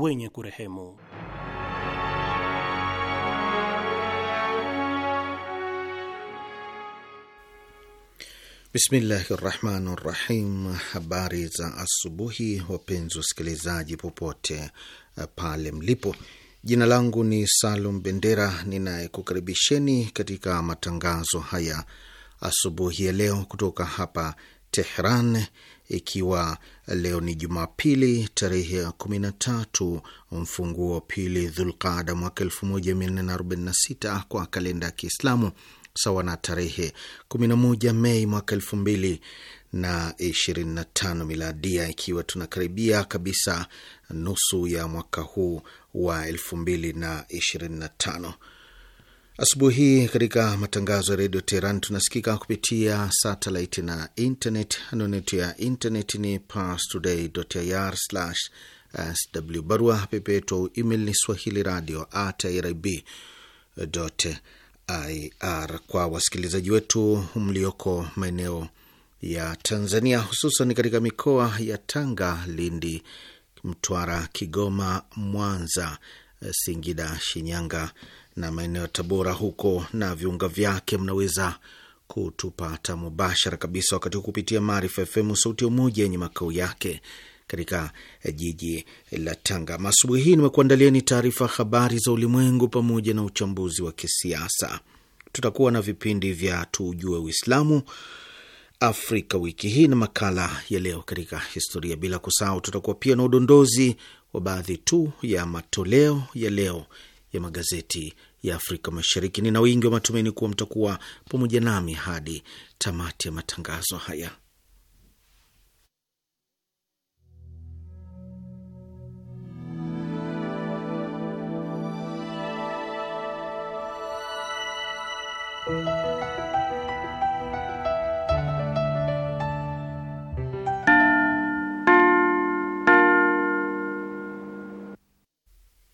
wenye kurehemu. Bismillahi rahmani rahim. Habari za asubuhi, wapenzi wasikilizaji popote eh, pale mlipo. Jina langu ni Salum Bendera ninayekukaribisheni katika matangazo haya asubuhi ya leo kutoka hapa Tehran, ikiwa leo ni Jumapili tarehe ya kumi na tatu mfunguo wa pili Dhulqada mwaka sita kwa kalenda ya Kiislamu sawa na tarehe 11 Mei mwaka elfu mbili na ishirini na tano miladia, ikiwa tunakaribia kabisa nusu ya mwaka huu wa elfu mbili na ishirini na tano. Asubuhi hii katika matangazo ya redio Teheran tunasikika kupitia satelit na internet. Anwani yetu ya internet ni parstoday.ir/sw. Barua pepe yetu au email ni swahili radio at irib.ir. Kwa wasikilizaji wetu mlioko maeneo ya Tanzania, hususan katika mikoa ya Tanga, Lindi, Mtwara, Kigoma, Mwanza, Singida, Shinyanga na maeneo ya Tabora huko na viunga vyake, mnaweza kutupata mubashara kabisa wakati huu kupitia Maarifa FM sauti ya Umoja yenye makao yake katika eh, jiji la Tanga. Asubuhi hii nimekuandalieni taarifa habari za ulimwengu pamoja na uchambuzi wa kisiasa. Tutakuwa na vipindi vya tujue Uislamu Afrika wiki hii na makala ya leo katika historia, bila kusahau tutakuwa pia na udondozi wa baadhi tu ya matoleo ya leo ya magazeti ya Afrika Mashariki. Nina wingi wa matumaini kuwa mtakuwa pamoja nami hadi tamati ya matangazo haya.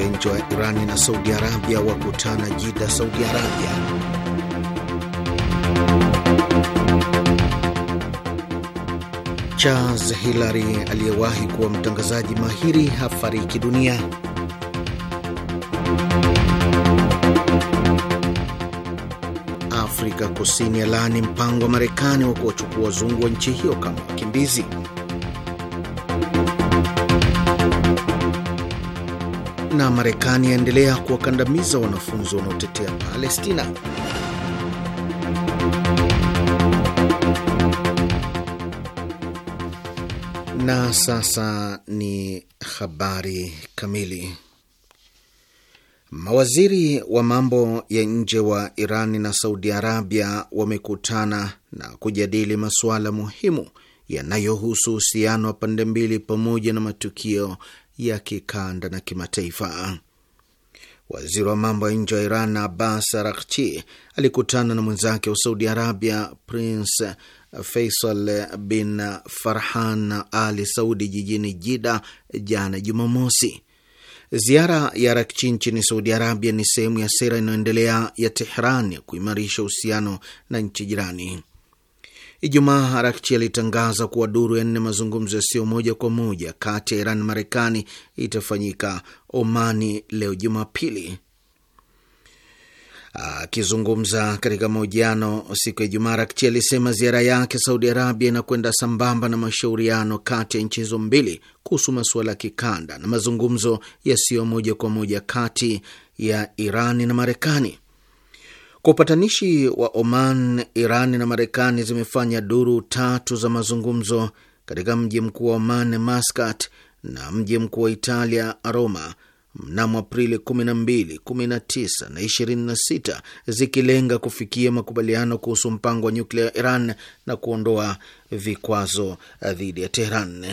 ya wa Irani na Saudi Arabia wakutana Jida, Saudi Arabia. Charles hilary aliyewahi kuwa mtangazaji mahiri hafariki dunia. Afrika Kusini alaani mpango wa Marekani wa kuwachukua wazungu wa nchi hiyo kama wakimbizi. na Marekani yaendelea kuwakandamiza wanafunzi wanaotetea Palestina. Na sasa ni habari kamili. Mawaziri wa mambo ya nje wa Iran na Saudi Arabia wamekutana na kujadili masuala muhimu yanayohusu uhusiano wa pande mbili pamoja na matukio ya kikanda na kimataifa. Waziri wa mambo ya nje wa Iran Abbas Araghchi alikutana na mwenzake wa Saudi Arabia Prince Faisal bin Farhan Ali Saudi jijini Jida jana Jumamosi. Ziara ya Rakchi nchini Saudi Arabia ni sehemu ya sera inayoendelea ya Tehran ya kuimarisha uhusiano na nchi jirani. Ijumaa, Harakchi alitangaza kuwa duru ya nne mazungumzo yasiyo moja kwa moja kati ya Iran na Marekani itafanyika Omani leo Jumapili. Akizungumza katika mahojiano siku ya Ijumaa, Rakchi alisema ziara yake Saudi Arabia inakwenda sambamba na mashauriano kati ya nchi hizo mbili kuhusu masuala ya kikanda na mazungumzo yasiyo moja kwa moja kati ya Irani na Marekani. Kwa upatanishi wa Oman, Iran na Marekani zimefanya duru tatu za mazungumzo katika mji mkuu wa Oman, Maskat, na mji mkuu wa Italia, Roma, mnamo Aprili 12, 19 na 26, zikilenga kufikia makubaliano kuhusu mpango wa nyuklia wa Iran na kuondoa vikwazo dhidi ya Teheran.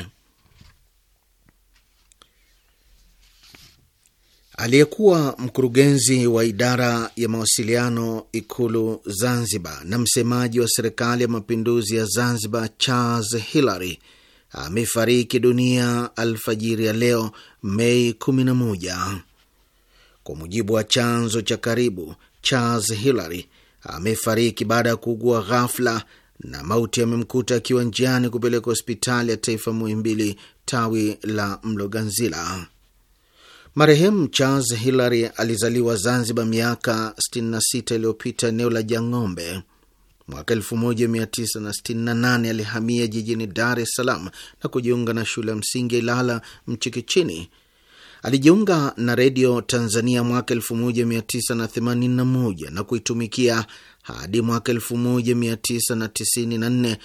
aliyekuwa mkurugenzi wa idara ya mawasiliano Ikulu Zanzibar na msemaji wa serikali ya mapinduzi ya Zanzibar Charles Hillary amefariki dunia alfajiri ya leo Mei 11. Kwa mujibu wa chanzo cha karibu, Charles Hillary amefariki baada ya kuugua ghafla na mauti amemkuta akiwa njiani kupeleka hospitali ya taifa Muhimbili tawi la Mloganzila. Marehemu Charles Hilary alizaliwa Zanzibar miaka 66 iliyopita eneo la Jang'ombe. Mwaka 1968 alihamia jijini Dar es Salaam na kujiunga na shule ya msingi ya Ilala Mchikichini. Alijiunga na Redio Tanzania mwaka 1981 na kuitumikia hadi mwaka 1994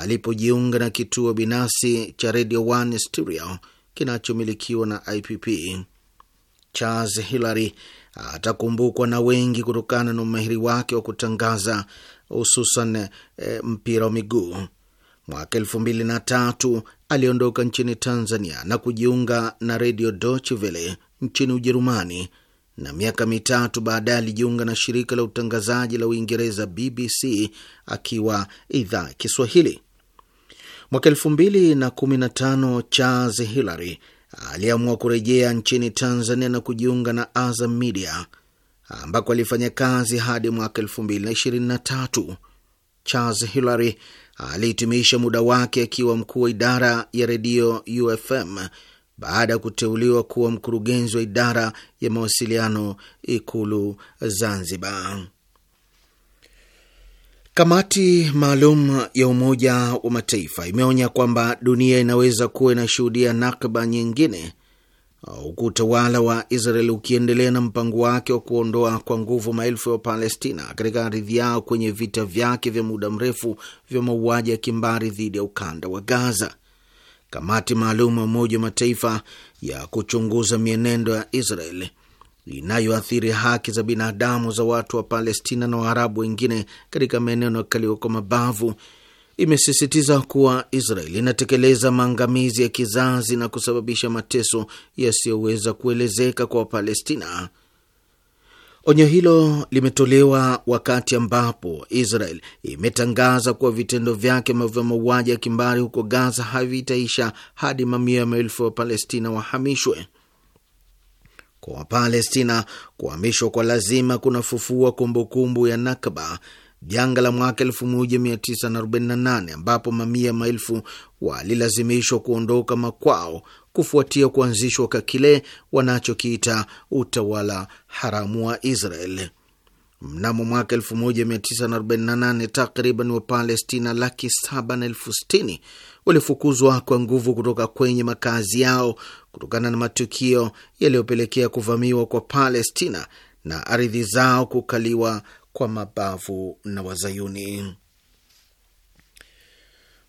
alipojiunga na kituo binafsi cha Radio One Stereo kinachomilikiwa na IPP. Charles Hillary atakumbukwa na wengi kutokana na umahiri wake wa kutangaza, hususan e, mpira wa miguu. Mwaka elfu mbili na tatu aliondoka nchini Tanzania na kujiunga na redio Deutsche Welle nchini Ujerumani, na miaka mitatu baadaye alijiunga na shirika la utangazaji la Uingereza BBC akiwa idhaa Kiswahili. Mwaka elfu mbili na kumi na tano Charles Hillary aliamua kurejea nchini Tanzania na kujiunga na Azam Media ambako alifanya kazi hadi mwaka tatu. Charles Hilary alihitimisha muda wake akiwa mkuu wa idara ya redio UFM baada ya kuteuliwa kuwa mkurugenzi wa idara ya mawasiliano Ikulu Zanzibar. Kamati maalum ya Umoja wa Mataifa imeonya kwamba dunia inaweza kuwa inashuhudia nakba nyingine huku utawala wa Israel ukiendelea na mpango wake wa kuondoa kwa nguvu maelfu ya Wapalestina katika ardhi yao kwenye vita vyake vya muda mrefu vya mauaji ya kimbari dhidi ya ukanda wa Gaza. Kamati maalum ya Umoja wa Mataifa ya kuchunguza mienendo ya Israel inayoathiri haki za binadamu za watu wa Palestina na Waarabu wengine katika maeneo yanayokaliwa kwa mabavu, imesisitiza kuwa Israeli inatekeleza maangamizi ya kizazi na kusababisha mateso yasiyoweza kuelezeka kwa Wapalestina. Onyo hilo limetolewa wakati ambapo Israel imetangaza kuwa vitendo vyake vya mauaji ya kimbari huko Gaza havitaisha hadi mamia ya maelfu ya Wapalestina wahamishwe kwa Wapalestina, kuhamishwa kwa lazima kunafufua kumbukumbu ya Nakba, janga la mwaka 1948 ambapo mamia maelfu walilazimishwa kuondoka makwao kufuatia kuanzishwa kwa kile wanachokiita utawala haramu wa Israel. Mnamo mwaka 1948 takriban Wapalestina laki saba na elfu sitini walifukuzwa kwa nguvu kutoka kwenye makazi yao kutokana na matukio yaliyopelekea kuvamiwa kwa Palestina na ardhi zao kukaliwa kwa mabavu na Wazayuni.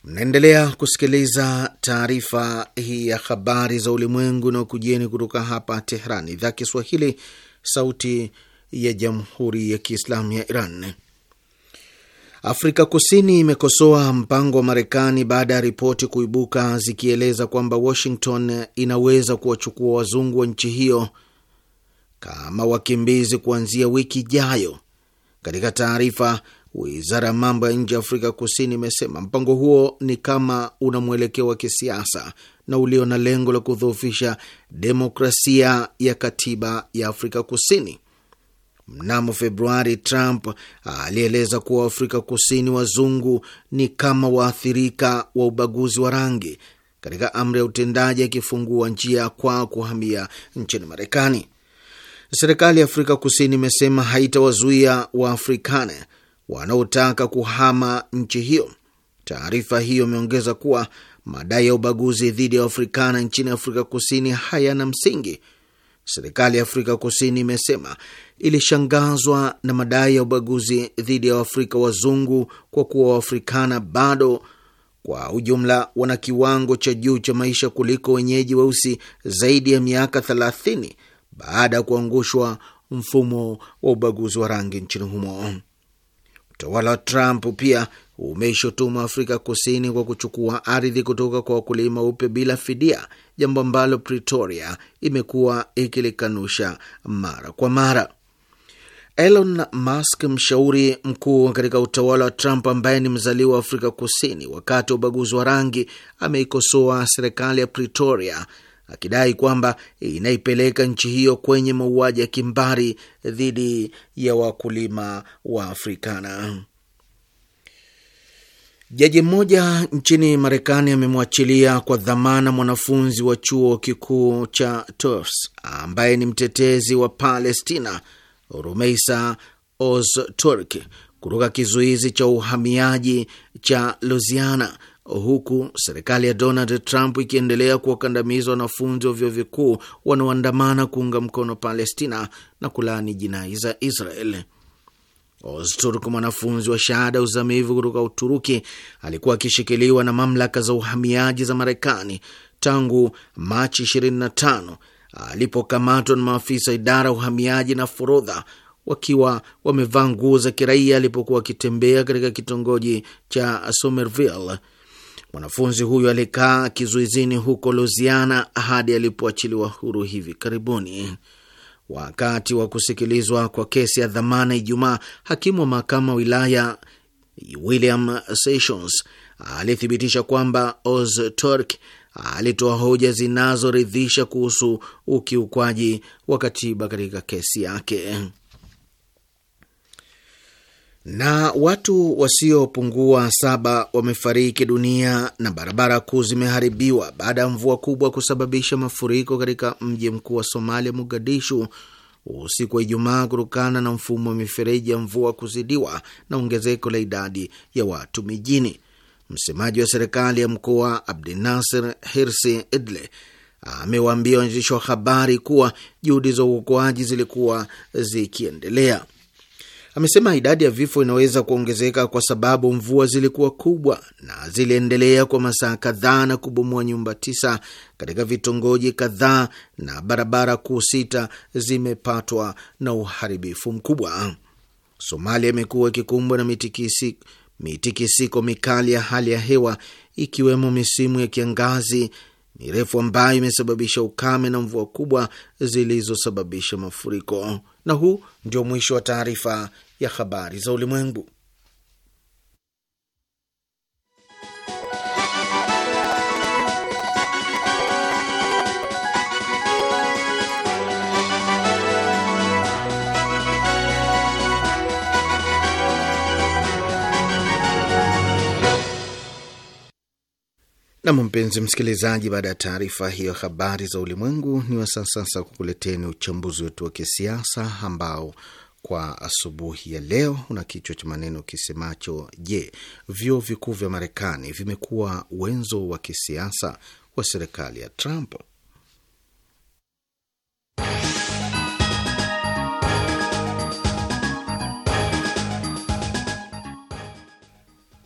Mnaendelea kusikiliza taarifa hii ya habari za ulimwengu na ukujieni kutoka hapa Tehran, idhaa Kiswahili, sauti ya jamhuri ya kiislamu ya Iran. Afrika Kusini imekosoa mpango wa Marekani baada ya ripoti kuibuka zikieleza kwamba Washington inaweza kuwachukua wazungu wa nchi hiyo kama wakimbizi kuanzia wiki ijayo. Katika taarifa, wizara ya mambo ya nje ya Afrika Kusini imesema mpango huo ni kama una mwelekeo wa kisiasa na ulio na lengo la kudhoofisha demokrasia ya katiba ya Afrika Kusini. Mnamo Februari, Trump alieleza kuwa Waafrika Kusini wazungu ni kama waathirika wa ubaguzi wa rangi katika amri ya utendaji, akifungua njia kwa kuhamia nchini Marekani. Serikali ya Afrika Kusini imesema haitawazuia waafrikane wanaotaka kuhama nchi hiyo. Taarifa hiyo imeongeza kuwa madai ya ubaguzi dhidi ya Waafrikana nchini Afrika Kusini hayana msingi. Serikali ya Afrika Kusini imesema ilishangazwa na madai ya ubaguzi dhidi ya Waafrika wazungu kwa kuwa Waafrikana bado kwa ujumla wana kiwango cha juu cha maisha kuliko wenyeji weusi zaidi ya miaka 30 baada ya kuangushwa mfumo wa ubaguzi wa rangi nchini humo. Utawala wa Trump pia umeishutuma Afrika Kusini kwa kuchukua ardhi kutoka kwa wakulima weupe bila fidia, jambo ambalo Pretoria imekuwa ikilikanusha mara kwa mara. Elon Musk, mshauri mkuu katika utawala wa Trump ambaye ni mzaliwa wa Afrika Kusini, wakati wa ubaguzi wa rangi ameikosoa serikali ya Pretoria akidai kwamba inaipeleka nchi hiyo kwenye mauaji ya kimbari dhidi ya wakulima wa Afrikana. Jaji mmoja nchini Marekani amemwachilia kwa dhamana mwanafunzi wa chuo kikuu cha Tufts ambaye ni mtetezi wa Palestina Rumeisa Ozturk kutoka kizuizi cha uhamiaji cha Louisiana, huku serikali ya Donald Trump ikiendelea kuwakandamiza wanafunzi wa vyuo vikuu wanaoandamana kuunga mkono Palestina na kulaani jinai za Israel. Ozturk, mwanafunzi wa shahada ya uzamivu kutoka Uturuki, alikuwa akishikiliwa na mamlaka za uhamiaji za Marekani tangu Machi 25 alipokamatwa na maafisa idara ya uhamiaji na forodha wakiwa wamevaa nguo za kiraia alipokuwa akitembea katika kitongoji cha Somerville. Mwanafunzi huyo alikaa kizuizini huko Louisiana hadi alipoachiliwa huru hivi karibuni. Wakati wa kusikilizwa kwa kesi ya dhamana Ijumaa, hakimu wa mahakama wa wilaya William Sessions alithibitisha kwamba Oz Turk alitoa hoja zinazoridhisha kuhusu ukiukwaji wa katiba katika kesi yake. Na watu wasiopungua saba wamefariki dunia na barabara kuu zimeharibiwa baada ya mvua kubwa kusababisha mafuriko katika mji mkuu wa Somalia, Mogadishu, usiku wa Ijumaa kutokana na mfumo wa mifereji ya mvua kuzidiwa na ongezeko la idadi ya watu mijini. Msemaji wa serikali ya mkoa Abdinasir Hirsi Idle amewaambia waandishi wa habari kuwa juhudi za uokoaji zilikuwa zikiendelea. Amesema idadi ya vifo inaweza kuongezeka kwa sababu mvua zilikuwa kubwa na ziliendelea kwa masaa kadhaa na kubomoa nyumba tisa katika vitongoji kadhaa na barabara kuu sita zimepatwa na uharibifu mkubwa. Somalia imekuwa ikikumbwa na mitikisi mitikisiko mikali ya hali ya hewa ikiwemo misimu ya kiangazi mirefu ambayo imesababisha ukame na mvua kubwa zilizosababisha mafuriko. Na huu ndio mwisho wa taarifa ya habari za ulimwengu. Nam, mpenzi msikilizaji, baada ya taarifa hiyo habari za ulimwengu, ni wasaa sasa kukuleteni uchambuzi wetu wa kisiasa ambao kwa asubuhi ya leo una kichwa cha maneno kisemacho: Je, vyuo vikuu vya Marekani vimekuwa wenzo wa kisiasa wa serikali ya Trump?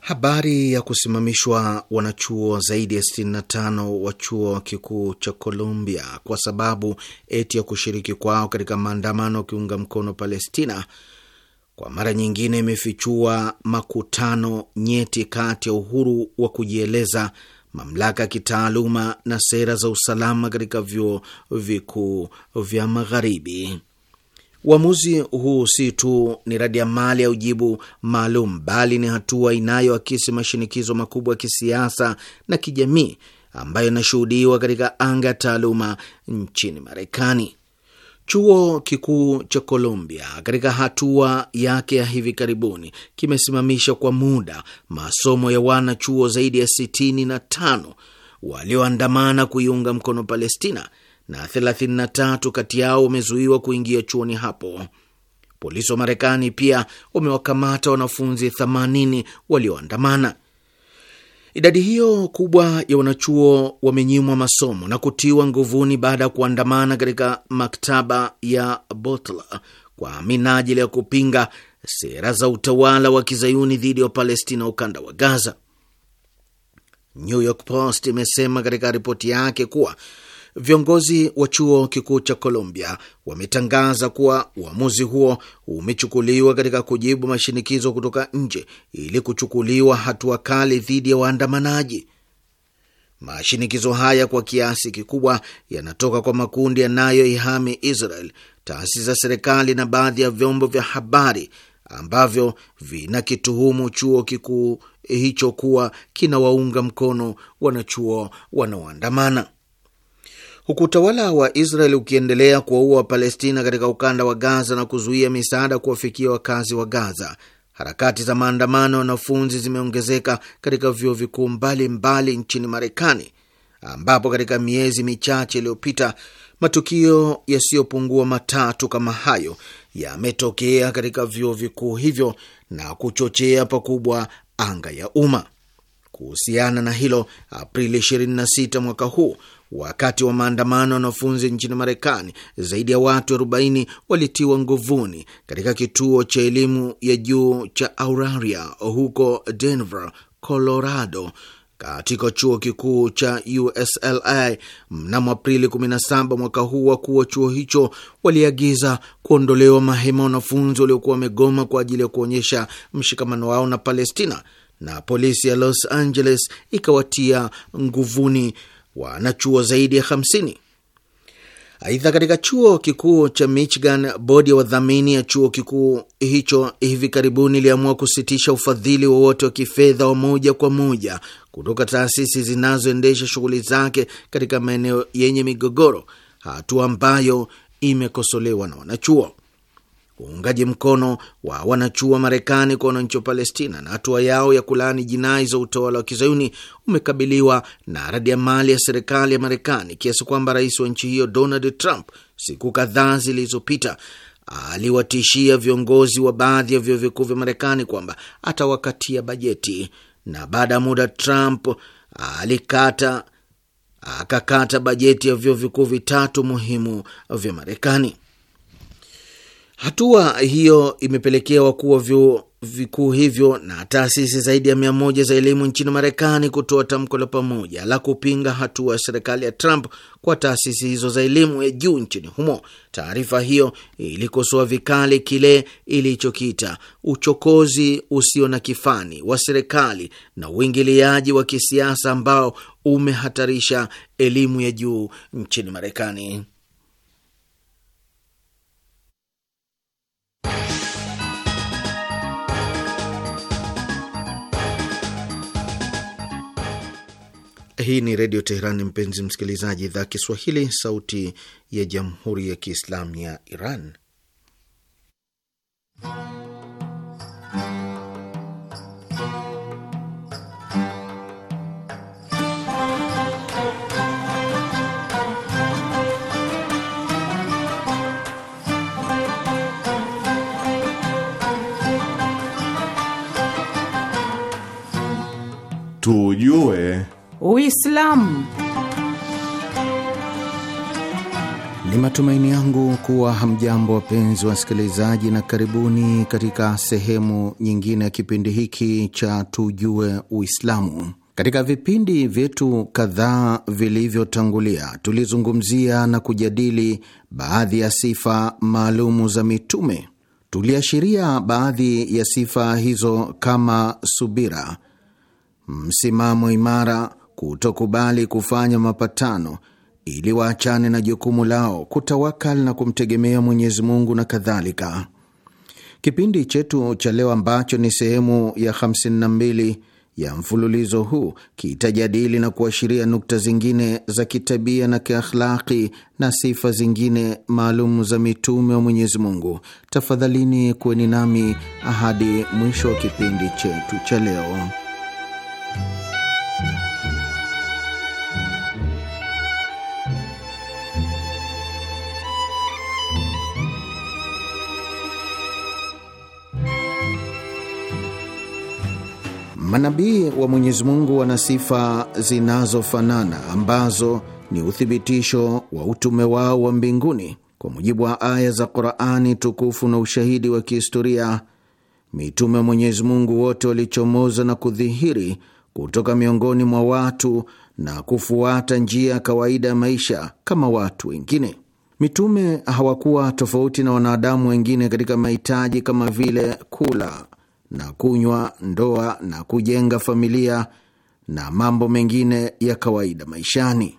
Habari ya kusimamishwa wanachuo zaidi ya 65 wa chuo kikuu cha Colombia kwa sababu eti ya kushiriki kwao katika maandamano kiunga mkono Palestina kwa mara nyingine imefichua makutano nyeti kati ya uhuru wa kujieleza, mamlaka ya kitaaluma na sera za usalama katika vyuo vikuu vya Magharibi. Uamuzi huu si tu ni radi ya mali ya ujibu maalum, bali ni hatua inayoakisi mashinikizo makubwa ya kisiasa na kijamii ambayo inashuhudiwa katika anga ya taaluma nchini Marekani. Chuo kikuu cha Columbia katika hatua yake ya hivi karibuni kimesimamisha kwa muda masomo ya wana chuo zaidi ya sitini na tano walioandamana kuiunga mkono Palestina na 33 kati yao wamezuiwa kuingia chuoni hapo. Polisi wa Marekani pia wamewakamata wanafunzi 80 walioandamana. Idadi hiyo kubwa ya wanachuo wamenyimwa masomo na kutiwa nguvuni baada ya kuandamana katika maktaba ya Butler kwa minajili ya kupinga sera za utawala wa kizayuni dhidi ya Palestina, ukanda wa Gaza. New York Post imesema katika ripoti yake kuwa viongozi wa chuo kikuu cha Colombia wametangaza kuwa uamuzi huo umechukuliwa katika kujibu mashinikizo kutoka nje ili kuchukuliwa hatua kali dhidi ya waandamanaji. Mashinikizo haya kwa kiasi kikubwa yanatoka kwa makundi yanayoihami Israel, taasisi za serikali na baadhi ya vyombo vya habari ambavyo vinakituhumu chuo kikuu hicho kuwa kinawaunga mkono wanachuo wanaoandamana huku utawala wa Israel ukiendelea kuwaua Wapalestina katika ukanda wa Gaza na kuzuia misaada kuwafikia wakazi wa Gaza, harakati za maandamano ya wanafunzi zimeongezeka katika vyuo vikuu mbalimbali nchini Marekani, ambapo katika miezi michache iliyopita matukio yasiyopungua matatu kama hayo yametokea katika vyuo vikuu hivyo na kuchochea pakubwa anga ya umma. Kuhusiana na hilo, Aprili 26 mwaka huu Wakati wa maandamano ya wanafunzi nchini Marekani, zaidi ya watu 40 walitiwa nguvuni katika kituo cha elimu ya juu cha Auraria huko Denver, Colorado, katika chuo kikuu cha USLI mnamo Aprili 17 mwaka huu. Wakuu wa chuo hicho waliagiza kuondolewa mahema wanafunzi waliokuwa wamegoma kwa ajili ya kuonyesha mshikamano wao na Palestina, na polisi ya Los Angeles ikawatia nguvuni wanachuo zaidi ya 50. Aidha, katika chuo kikuu cha Michigan, bodi ya wadhamini ya chuo kikuu hicho hivi karibuni iliamua kusitisha ufadhili wowote wa kifedha wa moja kwa moja kutoka taasisi zinazoendesha shughuli zake katika maeneo yenye migogoro, hatua ambayo imekosolewa na wanachuo uungaji mkono wa wanachuo wa Marekani kwa wananchi wa Palestina na hatua yao ya kulaani jinai za utawala wa kizayuni umekabiliwa na radi ya serikali ya Marekani kiasi kwamba rais wa nchi hiyo Donald Trump siku kadhaa zilizopita aliwatishia viongozi wa baadhi ya vyuo vikuu vya Marekani kwamba atawakatia bajeti, na baada ya muda Trump alikata akakata bajeti ya vyuo vikuu vitatu muhimu vya Marekani. Hatua hiyo imepelekea wakuu wa vyuo vikuu hivyo na taasisi zaidi ya mia moja za elimu nchini Marekani kutoa tamko la pamoja la kupinga hatua ya serikali ya Trump kwa taasisi hizo za elimu ya juu nchini humo. Taarifa hiyo ilikosoa vikali kile ilichokiita uchokozi usio na kifani wa serikali na uingiliaji wa kisiasa ambao umehatarisha elimu ya juu nchini Marekani. Hii ni Redio Teherani, mpenzi msikilizaji, idhaa Kiswahili, sauti ya Jamhuri ya Kiislamu ya Iran. Tujue Uislamu. Ni matumaini yangu kuwa hamjambo wapenzi wasikilizaji, na karibuni katika sehemu nyingine ya kipindi hiki cha Tujue Uislamu. Katika vipindi vyetu kadhaa vilivyotangulia, tulizungumzia na kujadili baadhi ya sifa maalumu za mitume. Tuliashiria baadhi ya sifa hizo kama subira msimamo imara, kutokubali kufanya mapatano ili waachane na jukumu lao, kutawakal na kumtegemea Mwenyezi Mungu na kadhalika. Kipindi chetu cha leo ambacho ni sehemu ya 52 ya mfululizo huu kitajadili na kuashiria nukta zingine za kitabia na kiakhlaki na sifa zingine maalum za mitume wa Mwenyezi Mungu. Tafadhalini kuweni nami hadi mwisho wa kipindi chetu cha leo. Manabii wa Mwenyezi Mungu wana sifa zinazofanana ambazo ni uthibitisho wa utume wao wa mbinguni. Kwa mujibu wa aya za Qurani tukufu na ushahidi wa kihistoria, mitume wa Mwenyezi Mungu wote walichomoza na kudhihiri kutoka miongoni mwa watu na kufuata njia ya kawaida ya maisha kama watu wengine. Mitume hawakuwa tofauti na wanadamu wengine katika mahitaji kama vile kula, na kunywa, ndoa na kujenga familia na mambo mengine ya kawaida maishani.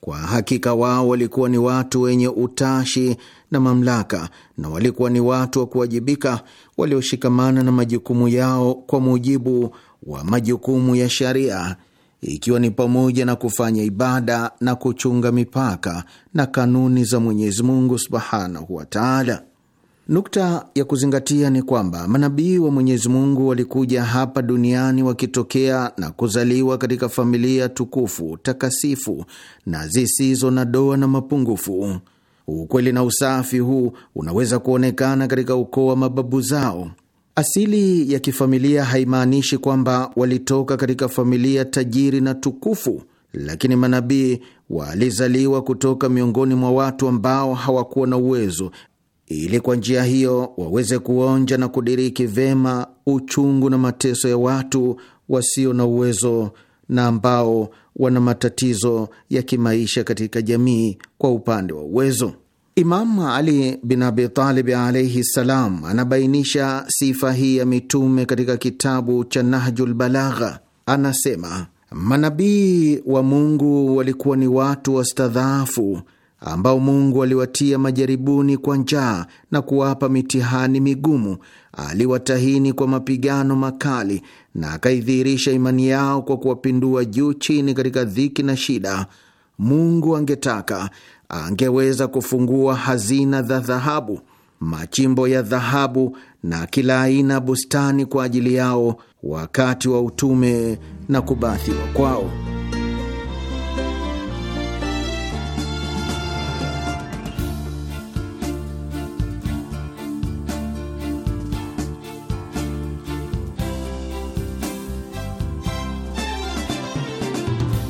Kwa hakika wao walikuwa ni watu wenye utashi na mamlaka, na walikuwa ni watu wa kuwajibika walioshikamana na majukumu yao kwa mujibu wa majukumu ya sharia, ikiwa ni pamoja na kufanya ibada na kuchunga mipaka na kanuni za Mwenyezi Mungu subhanahu wa taala. Nukta ya kuzingatia ni kwamba manabii wa Mwenyezi Mungu walikuja hapa duniani wakitokea na kuzaliwa katika familia tukufu, takasifu na zisizo na doa na mapungufu. Ukweli na usafi huu unaweza kuonekana katika ukoo wa mababu zao. Asili ya kifamilia haimaanishi kwamba walitoka katika familia tajiri na tukufu, lakini manabii walizaliwa kutoka miongoni mwa watu ambao hawakuwa na uwezo ili kwa njia hiyo waweze kuonja na kudiriki vema uchungu na mateso ya watu wasio na uwezo na ambao wana matatizo ya kimaisha katika jamii. Kwa upande wa uwezo, Imam Ali bin Abi Talib alaihi ssalam anabainisha sifa hii ya mitume katika kitabu cha Nahjul Balagha. Anasema manabii wa Mungu walikuwa ni watu wastadhaafu ambao Mungu aliwatia majaribuni kwa njaa na kuwapa mitihani migumu, aliwatahini kwa mapigano makali na akaidhihirisha imani yao kwa kuwapindua juu chini katika dhiki na shida. Mungu angetaka angeweza kufungua hazina za dhahabu, machimbo ya dhahabu na kila aina bustani kwa ajili yao wakati wa utume na kubathiwa kwao.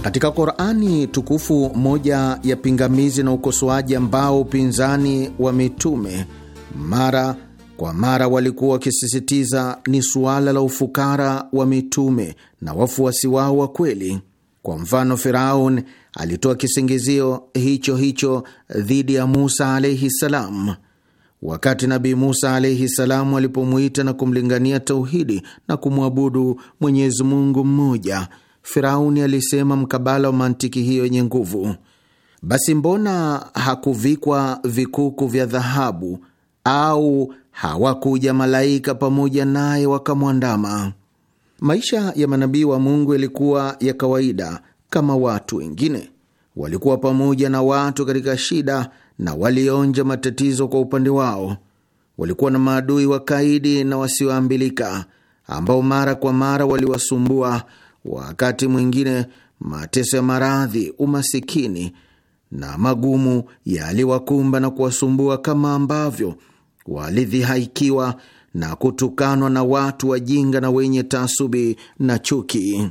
Katika Korani tukufu, moja ya pingamizi na ukosoaji ambao upinzani wa mitume mara kwa mara walikuwa wakisisitiza ni suala la ufukara wa mitume na wafuasi wao wa kweli. Kwa mfano, Firaun alitoa kisingizio hicho hicho dhidi ya Musa alaihi salam, wakati Nabii Musa alaihi salam alipomwita na kumlingania tauhidi na kumwabudu Mwenyezi Mungu mmoja Firauni alisema mkabala wa mantiki hiyo yenye nguvu, basi mbona hakuvikwa vikuku vya dhahabu au hawakuja malaika pamoja naye wakamwandama? Maisha ya manabii wa Mungu yalikuwa ya kawaida kama watu wengine. Walikuwa pamoja na watu katika shida na walionja matatizo kwa upande wao. Walikuwa na maadui wakaidi na wasioambilika ambao mara kwa mara waliwasumbua wakati mwingine mateso ya maradhi, umasikini na magumu yaliwakumba na kuwasumbua kama ambavyo walidhihaikiwa na kutukanwa na watu wajinga na wenye taasubi na chuki.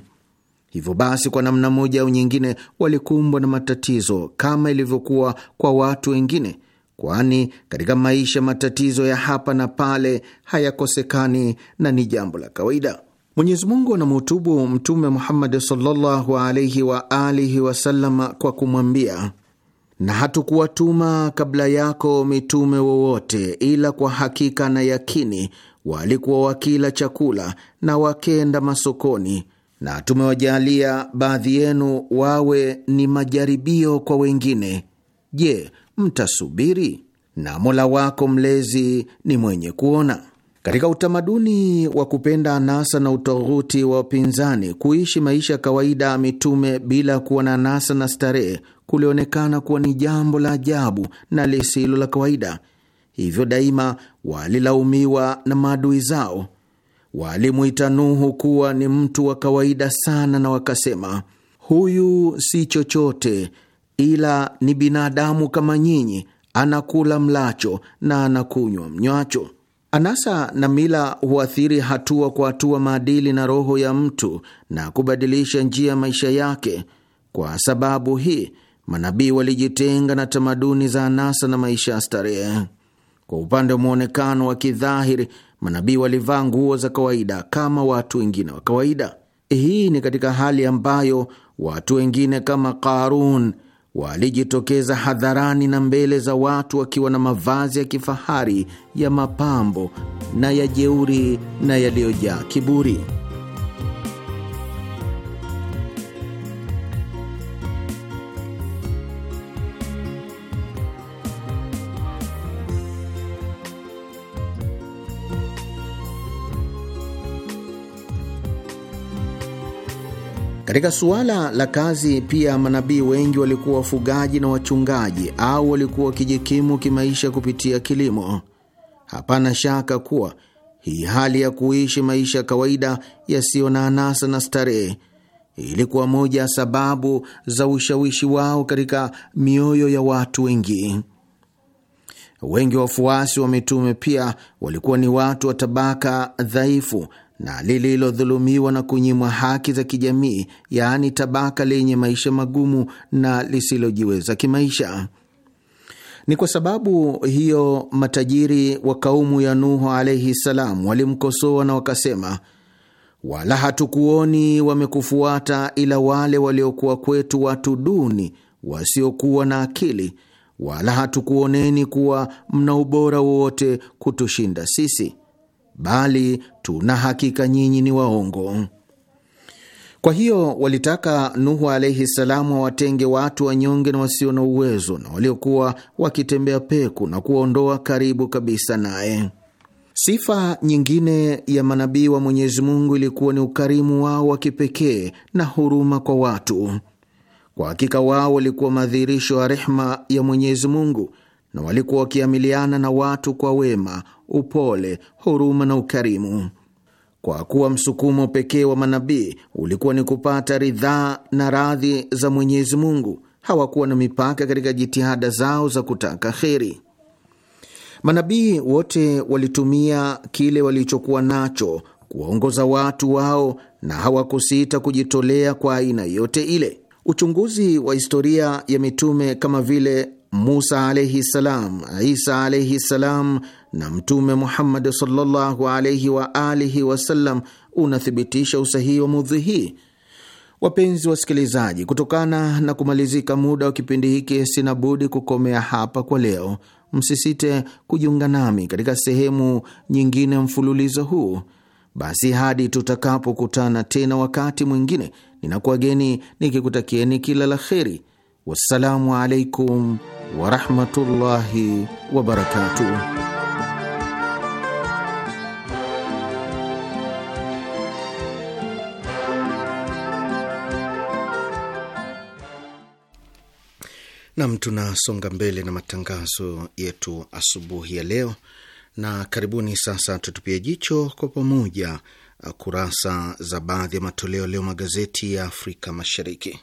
Hivyo basi, kwa namna moja au nyingine walikumbwa na matatizo kama ilivyokuwa kwa watu wengine, kwani katika maisha matatizo ya hapa na pale hayakosekani na ni jambo la kawaida. Mwenyezi Mungu anamhutubu Mtume Muhammad sallallahu alaihi wa alihi wasallam kwa kumwambia, na hatukuwatuma kabla yako mitume wowote ila kwa hakika na yakini walikuwa wakila chakula na wakenda masokoni, na tumewajalia baadhi yenu wawe ni majaribio kwa wengine. Je, mtasubiri? Na Mola wako mlezi ni mwenye kuona. Katika utamaduni wa kupenda anasa na utoghuti wa wapinzani, kuishi maisha ya kawaida mitume bila kuwa na anasa na starehe kulionekana kuwa ni jambo la ajabu na lisilo la kawaida. Hivyo daima walilaumiwa na maadui zao. Walimwita Nuhu kuwa ni mtu wa kawaida sana, na wakasema, huyu si chochote ila ni binadamu kama nyinyi, anakula mlacho na anakunywa mnywacho. Anasa na mila huathiri hatua kwa hatua maadili na roho ya mtu na kubadilisha njia ya maisha yake. Kwa sababu hii, manabii walijitenga na tamaduni za anasa na maisha ya starehe. Kwa upande wa mwonekano wa kidhahiri, manabii walivaa nguo za kawaida kama watu wengine wa kawaida. Hii ni katika hali ambayo watu wengine kama Karun walijitokeza hadharani na mbele za watu wakiwa na mavazi ya kifahari ya mapambo na ya jeuri na yaliyojaa kiburi. Katika suala la kazi pia, manabii wengi walikuwa wafugaji na wachungaji au walikuwa wakijikimu kimaisha kupitia kilimo. Hapana shaka kuwa hii hali ya kuishi maisha ya kawaida yasiyo na anasa na starehe ilikuwa moja ya sababu za ushawishi wao katika mioyo ya watu wengi. Wengi wa wafuasi wa mitume pia walikuwa ni watu wa tabaka dhaifu na lililodhulumiwa na kunyimwa haki za kijamii, yaani tabaka lenye maisha magumu na lisilojiweza kimaisha. Ni kwa sababu hiyo matajiri wa kaumu ya Nuhu alaihi salam walimkosoa na wakasema, wala hatukuoni wamekufuata ila wale waliokuwa kwetu watu duni wasiokuwa na akili, wala hatukuoneni kuwa mna ubora wowote kutushinda sisi bali tuna hakika nyinyi ni waongo. Kwa hiyo walitaka Nuhu alaihi salamu wawatenge watu wanyonge na wasio na uwezo na waliokuwa wakitembea peku na kuwaondoa karibu kabisa naye. Sifa nyingine ya manabii wa Mwenyezi Mungu ilikuwa ni ukarimu wao wa kipekee na huruma kwa watu. Kwa hakika wao walikuwa madhihirisho ya rehma ya Mwenyezi Mungu na walikuwa wakiamiliana na watu kwa wema, upole, huruma na ukarimu, kwa kuwa msukumo pekee wa manabii ulikuwa ni kupata ridhaa na radhi za Mwenyezi Mungu. Hawakuwa na mipaka katika jitihada zao za kutaka kheri. Manabii wote walitumia kile walichokuwa nacho kuwaongoza watu wao na hawakusita kujitolea kwa aina yote ile. Uchunguzi wa historia ya mitume kama vile Musa alaihi salam, Isa alaihi salam na Mtume Muhammad sallallahu alaihi wa alihi wasallam unathibitisha usahihi wa mudhi hii. Wapenzi wasikilizaji, kutokana na kumalizika muda wa kipindi hiki, sina budi kukomea hapa kwa leo. Msisite kujiunga nami katika sehemu nyingine mfululizo huu. Basi hadi tutakapokutana tena wakati mwingine, ninakuwageni nikikutakieni kila la kheri. Wassalamu alaikum warahmatullahi wabarakatuh. Nam, tunasonga mbele na matangazo yetu asubuhi ya leo, na karibuni sasa tutupie jicho kwa pamoja kurasa za baadhi ya matoleo leo magazeti ya Afrika Mashariki.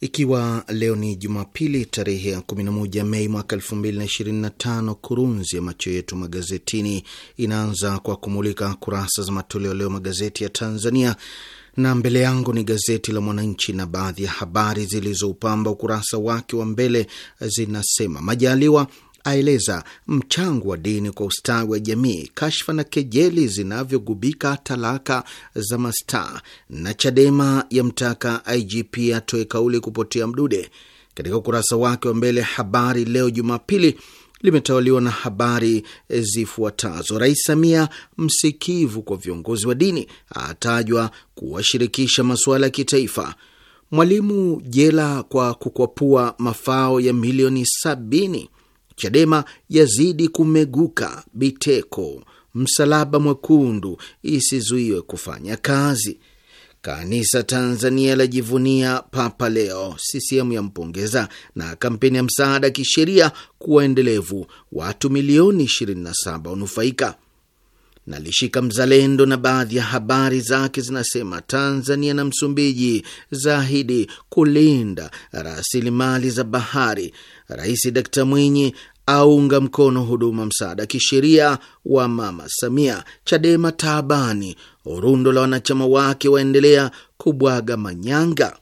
Ikiwa leo ni Jumapili tarehe ya 11 Mei mwaka 2025, kurunzi ya macho yetu magazetini inaanza kwa kumulika kurasa za matoleo leo magazeti ya Tanzania, na mbele yangu ni gazeti la Mwananchi na baadhi ya habari zilizoupamba ukurasa wake wa mbele zinasema: Majaliwa aeleza mchango wa dini kwa ustawi wa jamii, kashfa na kejeli zinavyogubika talaka za mastaa, na Chadema yamtaka IGP atoe kauli kupotea mdude. Katika ukurasa wake wa mbele Habari Leo Jumapili limetawaliwa na habari zifuatazo: Rais Samia msikivu kwa viongozi wa dini, atajwa kuwashirikisha masuala ya kitaifa. Mwalimu jela kwa kukwapua mafao ya milioni sabini. Chadema yazidi kumeguka Biteko, Msalaba Mwekundu isizuiwe kufanya kazi. Kanisa Tanzania lajivunia Papa Leo. CCM yampongeza na kampeni ya msaada kisheria kuwa endelevu, watu milioni 27 wanufaika nalishika Mzalendo na baadhi ya habari zake zinasema Tanzania na Msumbiji zaahidi kulinda rasilimali za bahari. Rais d Mwinyi aunga mkono huduma msaada kisheria wa Mama Samia. Chadema taabani, rundo la wanachama wake waendelea kubwaga manyanga.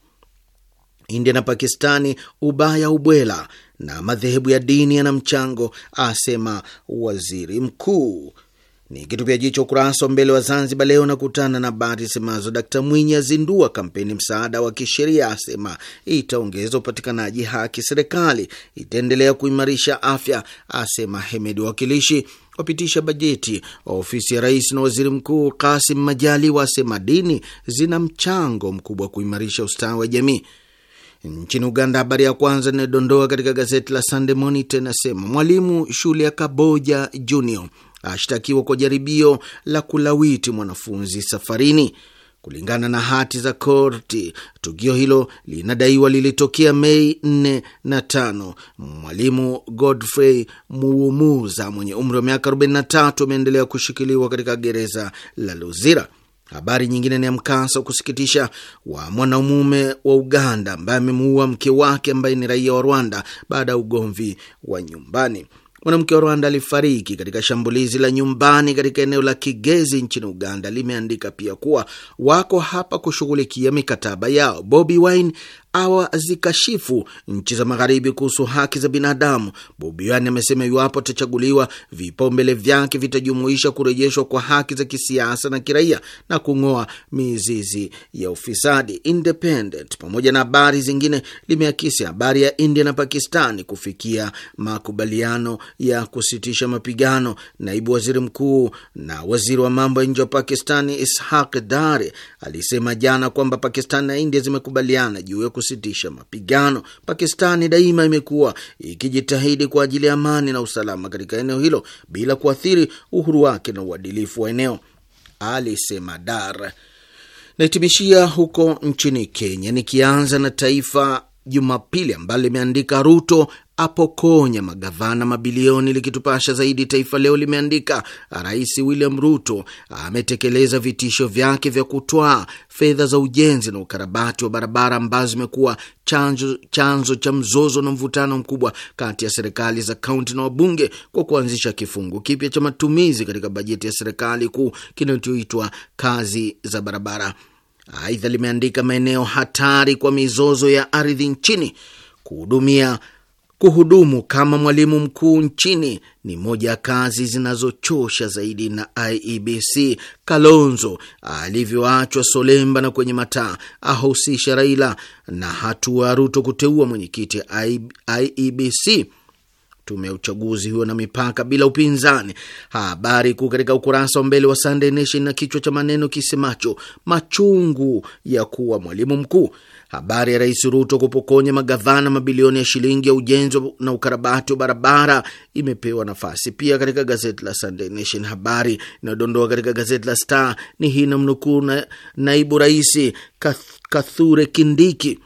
India na Pakistani ubaya ubwela, na madhehebu ya dini yana mchango, asema waziri mkuu. Ni kitupia jicho ukurasa wa mbele wa Zanzibar Leo nakutana na habari semazo, Dkt Mwinyi azindua kampeni msaada wa kisheria, asema itaongeza upatikanaji haki serikali, itaendelea kuimarisha afya, asema Hemedi. Wawakilishi wapitisha bajeti, ofisi ya rais na waziri mkuu Kasim Majaliwa asema dini zina mchango mkubwa wa kuimarisha ustawi wa jamii. Nchini Uganda, habari ya kwanza inayodondoa katika gazeti la Sunday Monitor inasema mwalimu shule ya Kaboja Junior ashtakiwa kwa jaribio la kulawiti mwanafunzi safarini. Kulingana na hati za korti, tukio hilo linadaiwa lilitokea Mei 4 na 5. Mwalimu Godfrey Muumuza mwenye umri wa miaka 43 ameendelea kushikiliwa katika gereza la Luzira. Habari nyingine ni ya mkasa wa kusikitisha wa mwanamume wa Uganda ambaye amemuua mke wake ambaye ni raia wa Rwanda baada ya ugomvi wa nyumbani mwanamke wa Rwanda alifariki katika shambulizi la nyumbani katika eneo la Kigezi nchini Uganda limeandika pia kuwa wako hapa kushughulikia mikataba yao. Bobi Wine awa zikashifu nchi za magharibi kuhusu haki za binadamu. Bobiani amesema iwapo atachaguliwa, vipaumbele vyake vitajumuisha kurejeshwa kwa haki za kisiasa na kiraia na kung'oa mizizi ya ufisadi. Independent pamoja na habari zingine limeakisi habari ya India na Pakistani kufikia makubaliano ya kusitisha mapigano. Naibu waziri mkuu na waziri wa mambo ya nje wa Pakistani Ishaq Dare alisema jana kwamba Pakistani na India zimekubaliana juu ya kusitisha mapigano. Pakistani daima imekuwa ikijitahidi kwa ajili ya amani na usalama katika eneo hilo bila kuathiri uhuru wake na uadilifu wa eneo, alisema Dar. Naitimishia huko nchini Kenya, nikianza na Taifa Jumapili ambalo limeandika Ruto apokonya magavana mabilioni. Likitupasha zaidi, Taifa Leo limeandika Rais William Ruto ametekeleza vitisho vyake vya kutwaa fedha za ujenzi na ukarabati wa barabara ambazo zimekuwa chanzo, chanzo cha mzozo na mvutano mkubwa kati ya serikali za kaunti na wabunge kwa kuanzisha kifungu kipya cha matumizi katika bajeti ya serikali kuu kinachoitwa kazi za barabara. Aidha limeandika maeneo hatari kwa mizozo ya ardhi nchini kuhudumia Kuhudumu kama mwalimu mkuu nchini ni moja ya kazi zinazochosha zaidi na IEBC. Kalonzo alivyoachwa solemba na kwenye mataa ahusisha Raila na hatua Ruto kuteua mwenyekiti IEBC tume ya uchaguzi huo na mipaka bila upinzani. Habari kuu katika ukurasa wa mbele wa Sunday Nation na kichwa cha maneno kisemacho machungu ya kuwa mwalimu mkuu. Habari ya Rais Ruto kupokonya magavana mabilioni ya shilingi ya ujenzi na ukarabati wa barabara imepewa nafasi pia katika gazeti la Sunday Nation. Habari inayodondoa katika gazeti la Star ni hii, namnukuu na naibu rais Kathure Kindiki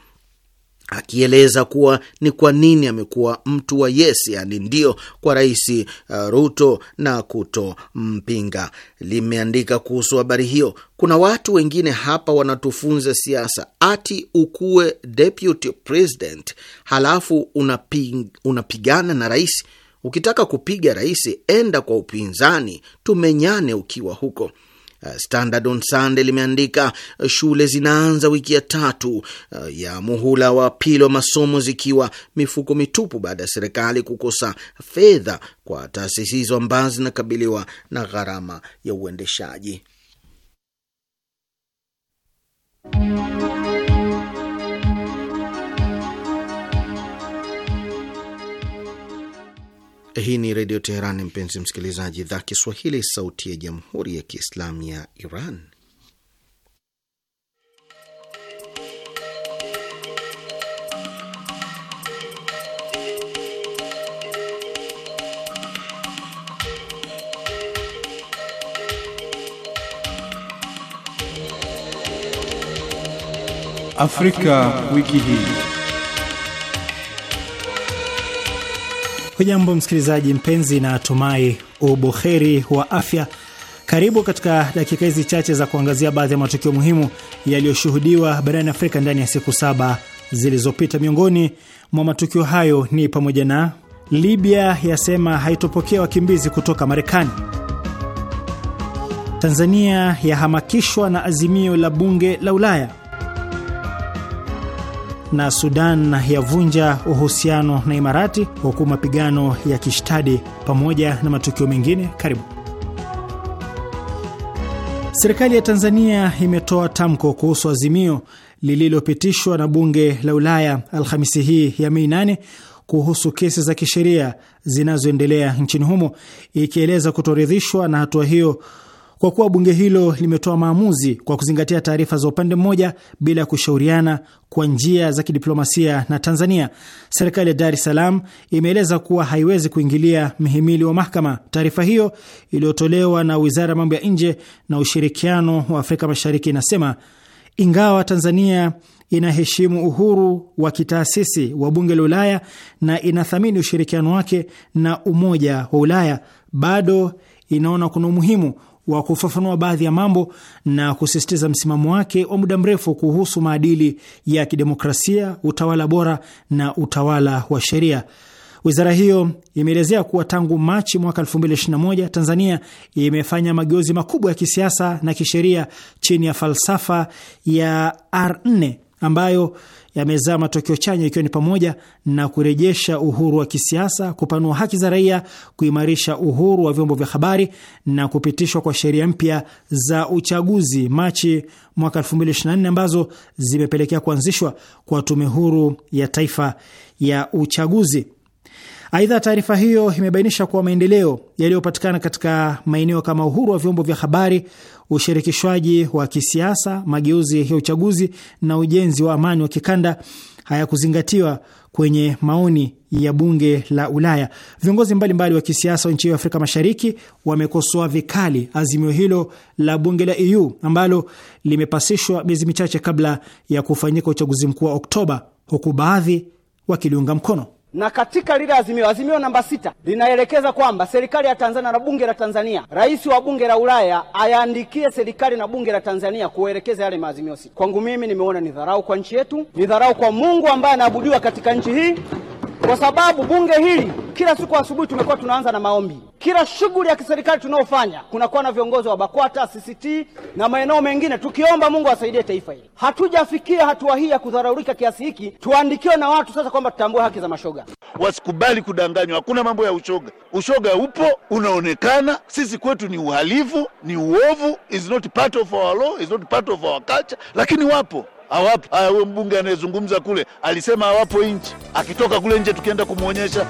akieleza kuwa ni kwa nini amekuwa mtu wa yes, yani ndio kwa Rais uh, Ruto na kutompinga. Limeandika kuhusu habari hiyo, kuna watu wengine hapa wanatufunza siasa, ati ukuwe deputy president halafu unaping, unapigana na rais. Ukitaka kupiga rais, enda kwa upinzani, tumenyane ukiwa huko. Eh, Standard on Sunday limeandika eh, shule zinaanza wiki ya tatu eh, ya muhula wa pili wa masomo zikiwa mifuko mitupu baada ya serikali kukosa fedha kwa taasisi hizo ambazo zinakabiliwa na gharama ya uendeshaji. Hii ni Redio Teheran, mpenzi msikilizaji, idhaa Kiswahili, sauti ya jamhuri ya kiislamu ya Iran. Afrika, Afrika. Wiki hii Hujambo msikilizaji mpenzi, na atumai ubuheri wa afya. Karibu katika dakika hizi chache za kuangazia baadhi ya matukio muhimu yaliyoshuhudiwa barani Afrika ndani ya siku saba zilizopita. Miongoni mwa matukio hayo ni pamoja na Libya yasema haitopokea wakimbizi kutoka Marekani, Tanzania yahamakishwa na azimio la bunge la Ulaya, na Sudan yavunja uhusiano na Imarati huku mapigano ya kishtadi pamoja na matukio mengine. Karibu. Serikali ya Tanzania imetoa tamko kuhusu azimio lililopitishwa na bunge la Ulaya Alhamisi hii ya Mei 8 kuhusu kesi za kisheria zinazoendelea nchini humo, ikieleza kutoridhishwa na hatua hiyo kwa kuwa bunge hilo limetoa maamuzi kwa kuzingatia taarifa za upande mmoja bila ya kushauriana kwa njia za kidiplomasia na Tanzania, serikali ya Dar es Salaam imeeleza kuwa haiwezi kuingilia mhimili wa mahakama. Taarifa hiyo iliyotolewa na Wizara ya Mambo ya Nje na Ushirikiano wa Afrika Mashariki inasema ingawa Tanzania inaheshimu uhuru wa kitaasisi wa bunge la Ulaya na inathamini ushirikiano wake na Umoja wa Ulaya, bado inaona kuna umuhimu wa kufafanua baadhi ya mambo na kusisitiza msimamo wake wa muda mrefu kuhusu maadili ya kidemokrasia, utawala bora na utawala wa sheria. Wizara hiyo imeelezea kuwa tangu Machi mwaka 2021 Tanzania imefanya mageuzi makubwa ya kisiasa na kisheria chini ya falsafa ya R4 ambayo yamezaa matokeo chanya ikiwa ni pamoja na kurejesha uhuru wa kisiasa, kupanua haki za raia, kuimarisha uhuru wa vyombo vya habari na kupitishwa kwa sheria mpya za uchaguzi Machi mwaka 2024 ambazo zimepelekea kuanzishwa kwa tume huru ya taifa ya uchaguzi. Aidha, taarifa hiyo imebainisha kuwa maendeleo yaliyopatikana katika maeneo kama uhuru wa vyombo vya habari, ushirikishwaji wa kisiasa, mageuzi ya uchaguzi na ujenzi wa amani wa kikanda hayakuzingatiwa kwenye maoni ya bunge la Ulaya. Viongozi mbalimbali wa kisiasa wa nchi hiyo ya Afrika Mashariki wamekosoa vikali azimio hilo la bunge la EU ambalo limepasishwa miezi michache kabla ya kufanyika uchaguzi mkuu wa Oktoba, huku baadhi wakiliunga mkono na katika lile azimio, azimio namba sita linaelekeza kwamba serikali ya Tanzania na bunge la Tanzania, rais wa bunge la Ulaya ayaandikie serikali na bunge la Tanzania kuelekeza yale maazimio sita. Kwangu mimi nimeona ni dharau kwa nchi yetu, ni dharau kwa Mungu ambaye anaabudiwa katika nchi hii kwa sababu bunge hili kila siku asubuhi tumekuwa tunaanza na maombi. Kila shughuli ya kiserikali tunaofanya kunakuwa na viongozi wa BAKWATA, CCT na maeneo mengine, tukiomba Mungu asaidie taifa hili. Hatujafikia hatua hii ya kudharaulika kiasi hiki, tuandikiwe na watu sasa kwamba tutambue haki za mashoga. Wasikubali kudanganywa, hakuna mambo ya ushoga. Ushoga upo, unaonekana. Sisi kwetu ni uhalifu, ni uovu, is not part of our law, is not part of our culture, lakini wapo hawapo huyo mbunge anayezungumza kule alisema hawapo nchi, akitoka kule nje tukienda kumwonyesha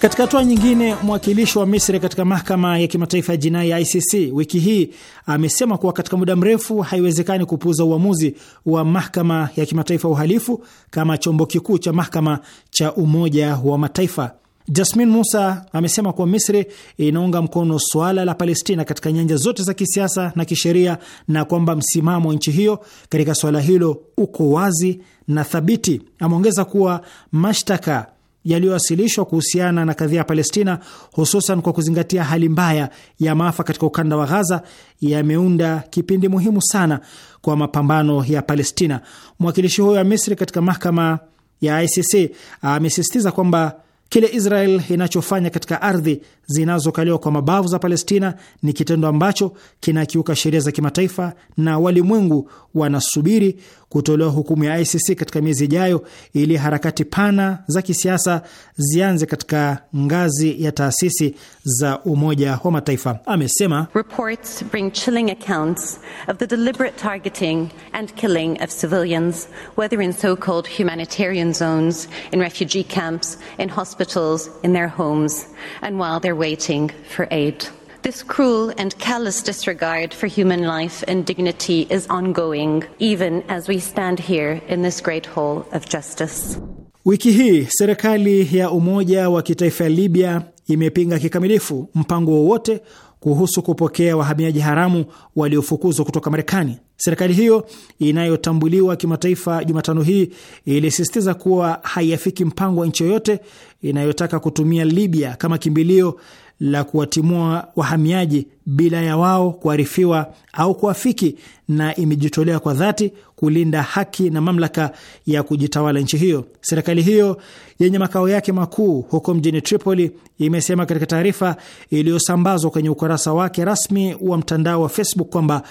Katika hatua nyingine, mwakilishi wa Misri katika mahakama ya kimataifa ya jinai ya ICC wiki hii amesema kuwa katika muda mrefu haiwezekani kupuuza uamuzi wa mahakama ya kimataifa ya uhalifu kama chombo kikuu cha mahakama cha Umoja wa Mataifa. Jasmin Musa amesema kuwa Misri inaunga mkono suala la Palestina katika nyanja zote za kisiasa na kisheria na kwamba msimamo wa nchi hiyo katika suala hilo uko wazi na thabiti. Ameongeza kuwa mashtaka yaliyowasilishwa kuhusiana na kadhia ya Palestina, hususan kwa kuzingatia hali mbaya ya maafa katika ukanda wa Ghaza, yameunda kipindi muhimu sana kwa mapambano ya Palestina. Mwakilishi huyo wa Misri katika mahakama ya ICC amesisitiza kwamba Kile Israel inachofanya katika ardhi zinazokaliwa kwa mabavu za Palestina ni kitendo ambacho kinakiuka sheria za kimataifa, na walimwengu wanasubiri kutolewa hukumu ya ICC katika miezi ijayo, ili harakati pana za kisiasa zianze katika ngazi ya taasisi za Umoja wa Mataifa, amesema. Reports bring chilling accounts of the deliberate targeting and killing of civilians whether in so-called humanitarian zones in refugee camps in hospitals hospitals, in their homes, and while they're waiting for aid. This cruel and callous disregard for human life and dignity is ongoing, even as we stand here in this great hall of justice. Wiki hii serikali ya umoja wa kitaifa ya Libya imepinga kikamilifu mpango wowote kuhusu kupokea wahamiaji haramu waliofukuzwa kutoka Marekani. Serikali hiyo inayotambuliwa kimataifa Jumatano hii ilisisitiza kuwa haiafiki mpango wa nchi yoyote inayotaka kutumia Libya kama kimbilio la kuwatimua wahamiaji bila ya wao kuarifiwa au kuafiki, na imejitolea kwa dhati kulinda haki na mamlaka ya kujitawala nchi hiyo. Serikali hiyo yenye makao yake makuu huko mjini Tripoli imesema katika taarifa iliyosambazwa kwenye ukurasa wake rasmi wa mtandao wa Facebook kwamba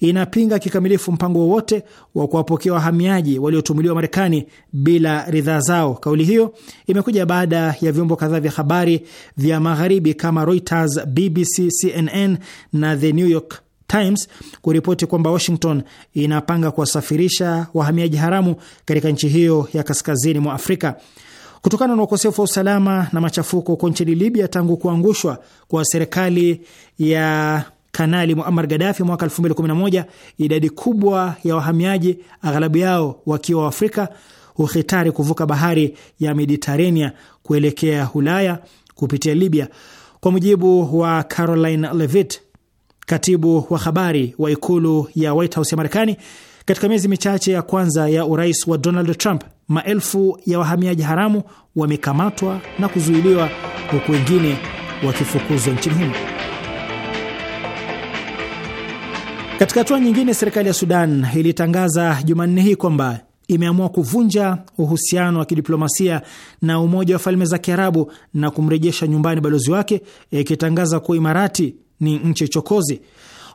inapinga kikamilifu mpango wowote wa kuwapokea wahamiaji waliotumuliwa Marekani bila ridhaa zao. Kauli hiyo imekuja baada ya vyombo kadhaa vya habari vya magharibi kama Reuters, BBC, CNN na The New York Times kuripoti kwamba Washington inapanga kuwasafirisha wahamiaji haramu katika nchi hiyo ya kaskazini mwa Afrika. Kutokana na ukosefu wa usalama na machafuko huko nchini Libya tangu kuangushwa kwa serikali ya Kanali Muammar Gaddafi mwaka 2011, idadi kubwa ya wahamiaji, aghalabu yao wakiwa Waafrika, huhitari kuvuka bahari ya Mediterania kuelekea Ulaya kupitia Libya. Kwa mujibu wa Caroline Levitt, katibu wa habari wa ikulu ya White House ya Marekani, katika miezi michache ya kwanza ya urais wa Donald Trump, maelfu ya wahamiaji haramu wamekamatwa na kuzuiliwa, huku wengine wakifukuzwa nchini humo. Katika hatua nyingine, serikali ya Sudan ilitangaza Jumanne hii kwamba imeamua kuvunja uhusiano wa kidiplomasia na Umoja wa Falme za Kiarabu na kumrejesha nyumbani balozi wake, ikitangaza kuwa Imarati ni nchi chokozi.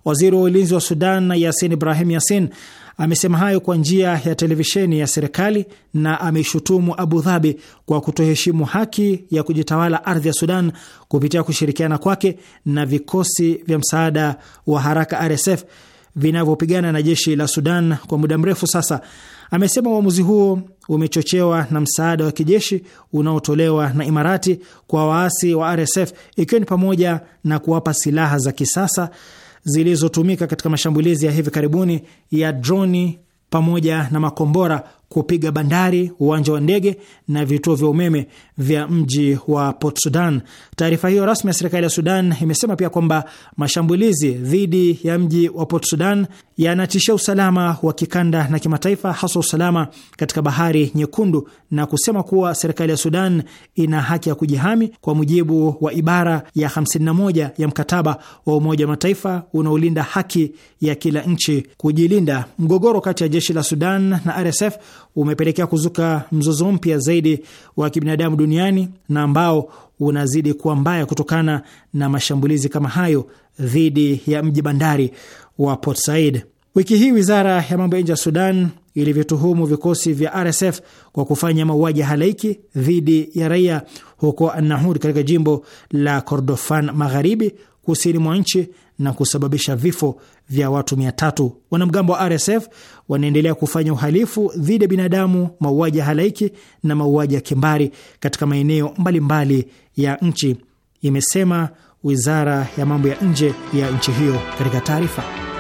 Waziri wa ulinzi wa Sudan Yasin Ibrahim Yasin amesema hayo kwa njia ya televisheni ya serikali na ameishutumu Abu Dhabi kwa kutoheshimu haki ya kujitawala ardhi ya Sudan kupitia kushirikiana kwake na vikosi vya msaada wa haraka RSF vinavyopigana na jeshi la Sudan kwa muda mrefu sasa. Amesema uamuzi huo umechochewa na msaada wa kijeshi unaotolewa na Imarati kwa waasi wa RSF, ikiwa ni pamoja na kuwapa silaha za kisasa zilizotumika katika mashambulizi ya hivi karibuni ya droni pamoja na makombora kupiga bandari, uwanja wa ndege na vituo vya umeme vya mji wa Port Sudan. Taarifa hiyo rasmi ya serikali ya Sudan imesema pia kwamba mashambulizi dhidi ya mji wa Port Sudan yanatishia usalama wa kikanda na kimataifa, hasa usalama katika Bahari Nyekundu, na kusema kuwa serikali ya Sudan ina haki ya kujihami kwa mujibu wa ibara ya 51 ya mkataba wa Umoja wa Mataifa unaolinda haki ya kila nchi kujilinda. Mgogoro kati ya jeshi la Sudan na RSF umepelekea kuzuka mzozo mpya zaidi wa kibinadamu duniani na ambao unazidi kuwa mbaya kutokana na mashambulizi kama hayo dhidi ya mji bandari wa Port Said. Wiki hii wizara ya mambo ya nje ya Sudan ilivyotuhumu vikosi vya RSF kwa kufanya mauaji halaiki dhidi ya raia huko Annahud katika jimbo la Kordofan Magharibi, kusini mwa nchi na kusababisha vifo vya watu mia tatu. Wanamgambo wa RSF wanaendelea kufanya uhalifu dhidi ya binadamu, mauaji ya halaiki na mauaji ya kimbari katika maeneo mbalimbali ya nchi, imesema wizara ya mambo ya nje ya nchi hiyo katika taarifa.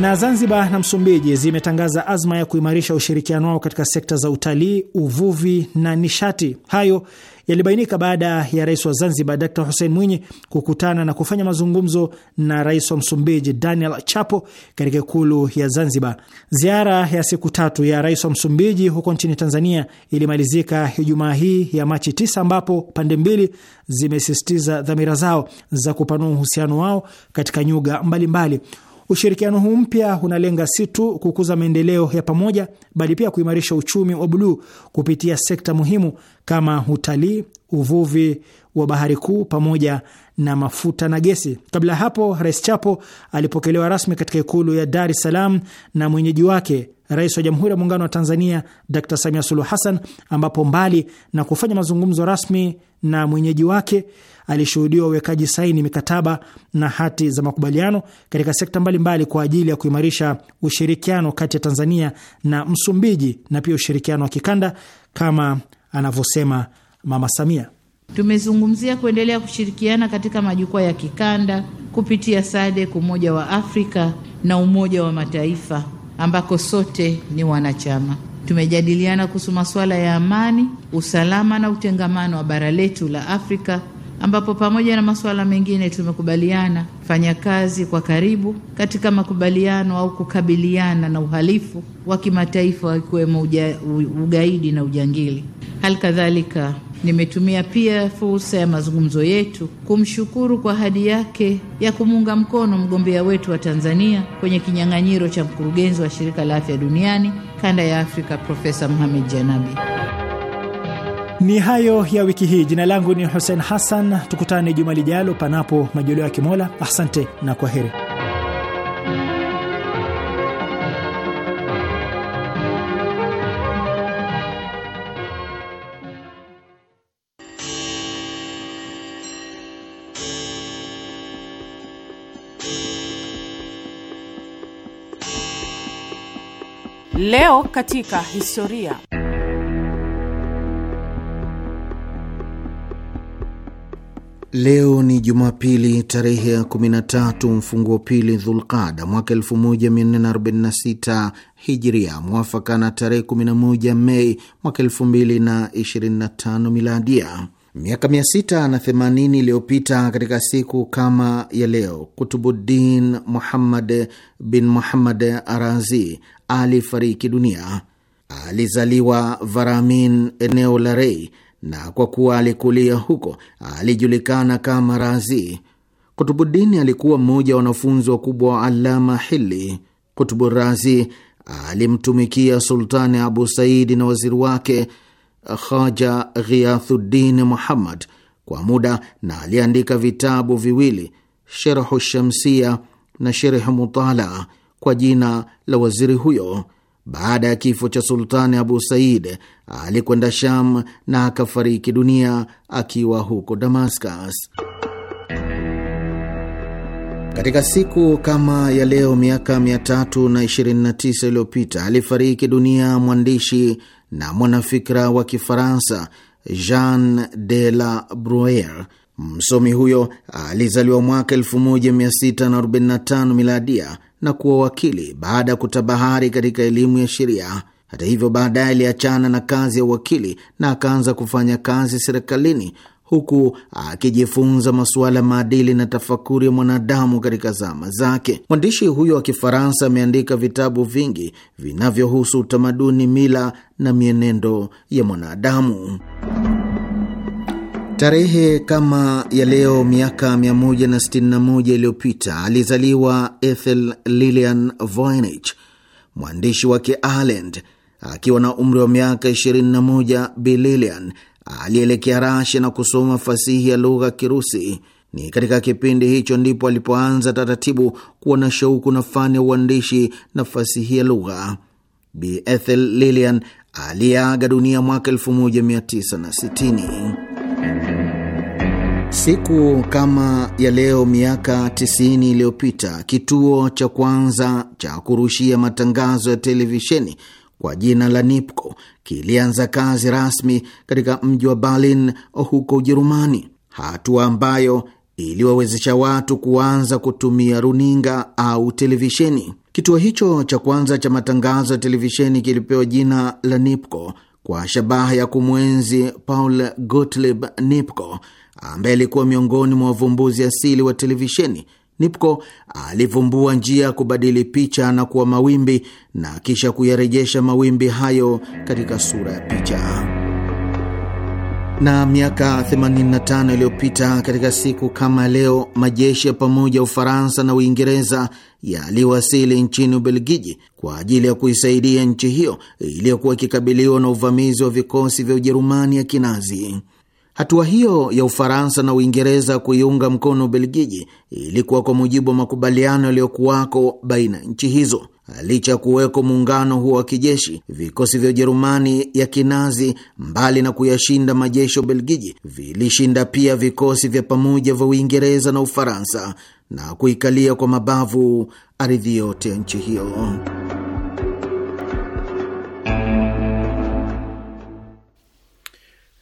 Na Zanzibar na Msumbiji zimetangaza azma ya kuimarisha ushirikiano wao katika sekta za utalii, uvuvi na nishati. Hayo yalibainika baada ya rais wa Zanzibar Dr Hussein Mwinyi kukutana na kufanya mazungumzo na rais wa Msumbiji Daniel Chapo katika ikulu ya Zanzibar. Ziara ya siku tatu ya rais wa Msumbiji huko nchini Tanzania ilimalizika Ijumaa hii ya Machi 9 ambapo pande mbili zimesisitiza dhamira zao za kupanua uhusiano wao katika nyuga mbalimbali mbali. Ushirikiano huu mpya unalenga si tu kukuza maendeleo ya pamoja, bali pia kuimarisha uchumi wa buluu kupitia sekta muhimu kama utalii, uvuvi wa bahari kuu pamoja na mafuta na gesi. Kabla ya hapo, Rais Chapo alipokelewa rasmi katika ikulu ya Dar es Salaam na mwenyeji wake Rais wa Jamhuri ya Muungano wa Tanzania Dr Samia Suluhu Hassan, ambapo mbali na kufanya mazungumzo rasmi na mwenyeji wake alishuhudiwa uwekaji saini mikataba na hati za makubaliano katika sekta mbalimbali kwa ajili ya kuimarisha ushirikiano kati ya Tanzania na Msumbiji na pia ushirikiano wa kikanda kama anavyosema Mama Samia. Tumezungumzia kuendelea kushirikiana katika majukwaa ya kikanda kupitia SADC, Umoja wa Afrika na Umoja wa Mataifa ambako sote ni wanachama. Tumejadiliana kuhusu masuala ya amani, usalama na utengamano wa bara letu la Afrika ambapo pamoja na masuala mengine tumekubaliana fanya kazi kwa karibu katika makubaliano au kukabiliana na uhalifu wa kimataifa ikiwemo ugaidi na ujangili. Hali kadhalika nimetumia pia fursa ya mazungumzo yetu kumshukuru kwa ahadi yake ya kumuunga mkono mgombea wetu wa Tanzania kwenye kinyang'anyiro cha mkurugenzi wa shirika la afya duniani kanda ya Afrika, Profesa Mohamed Janabi. Ni hayo ya wiki hii. Jina langu ni Hussein Hassan, tukutane juma lijalo, panapo majoleo ya Kimola. Asante na kwa heri. Leo katika historia Leo ni Jumapili, tarehe ya 13 mfunguo pili Dhulqada mwaka 1446 Hijria, mwafaka na tarehe 11 Mei mwaka 2025 Miladia. Miaka 680 iliyopita katika siku kama ya leo, Kutubuddin Muhammad bin Muhammad Arazi alifariki dunia. Alizaliwa Varamin, eneo la Rei na kwa kuwa alikulia huko alijulikana kama Razi. Kutubudini alikuwa mmoja wa wanafunzi wakubwa wa Alama Hili. Kutubu Razi alimtumikia Sultani Abu Saidi na waziri wake Khaja Ghiathuddin Muhammad kwa muda, na aliandika vitabu viwili, Sherhu Shamsia na Sherhu Mutalaa kwa jina la waziri huyo. Baada ya kifo cha Sultani Abu Said alikwenda Sham na akafariki dunia akiwa huko Damascus. Katika siku kama ya leo miaka 329 iliyopita alifariki dunia mwandishi na mwanafikra wa Kifaransa Jean de la Bruyere. Msomi huyo alizaliwa mwaka 1645 miladia na kuwa wakili baada ya kutabahari katika elimu ya sheria. Hata hivyo, baadaye aliachana na kazi ya uwakili na akaanza kufanya kazi serikalini huku akijifunza masuala maadili na tafakuri ya mwanadamu katika zama zake. Mwandishi huyo wa Kifaransa ameandika vitabu vingi vinavyohusu utamaduni, mila na mienendo ya mwanadamu. Tarehe kama ya leo miaka 161 iliyopita alizaliwa Ethel lilian Voynich, mwandishi wa Kiireland. Akiwa na umri wa miaka 21, Bi Lillian alielekea na kusoma fasihi ya lugha Kirusi. Ni katika kipindi hicho ndipo alipoanza taratibu kuwa na shauku na fani ya uandishi na fasihi ya lugha. Bi Ethel Lilian aliyeaga dunia mwaka 1960. Siku kama ya leo miaka 90 iliyopita kituo cha kwanza cha kurushia matangazo ya televisheni kwa jina la Nipco kilianza kazi rasmi katika mji wa Berlin huko Ujerumani, hatua ambayo iliwawezesha watu kuanza kutumia runinga au televisheni. Kituo hicho cha kwanza cha matangazo ya televisheni kilipewa jina la Nipco kwa shabaha ya kumwenzi Paul Gottlieb Nipco ambaye alikuwa miongoni mwa wavumbuzi asili wa televisheni. Nipko alivumbua njia ya kubadili picha na kuwa mawimbi na kisha kuyarejesha mawimbi hayo katika sura ya picha. Na miaka 85 iliyopita katika siku kama leo, majeshi ya pamoja Ufaransa na Uingereza yaliwasili nchini Ubelgiji kwa ajili ya kuisaidia nchi hiyo iliyokuwa ikikabiliwa na uvamizi wa vikosi vya Ujerumani ya Kinazi. Hatua hiyo ya Ufaransa na Uingereza kuiunga mkono Ubelgiji ilikuwa kwa mujibu wa makubaliano yaliyokuwako baina ya nchi hizo. Licha ya kuweko muungano huo wa kijeshi, vikosi vya Ujerumani ya Kinazi, mbali na kuyashinda majeshi ya Ubelgiji, vilishinda pia vikosi vya pamoja vya Uingereza na Ufaransa na kuikalia kwa mabavu ardhi yote ya nchi hiyo.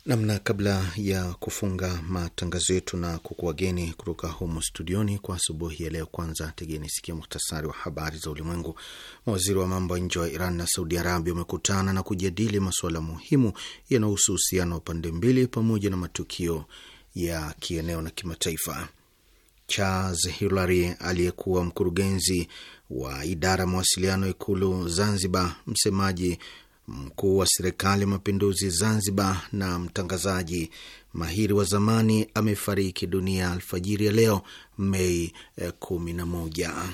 namna. Kabla ya kufunga matangazo yetu na kukuwageni kutoka humo studioni kwa asubuhi ya leo, kwanza tegeni sikia muhtasari wa habari za ulimwengu. Mawaziri wa mambo ya nje wa Iran na Saudi Arabia wamekutana na kujadili masuala muhimu yanayohusu uhusiano wa pande mbili pamoja na matukio ya kieneo na kimataifa. Charles Hilary aliyekuwa mkurugenzi wa idara ya mawasiliano Ikulu Zanzibar, msemaji mkuu wa serikali ya mapinduzi Zanzibar na mtangazaji mahiri wa zamani amefariki dunia alfajiri ya leo Mei 11. Eh,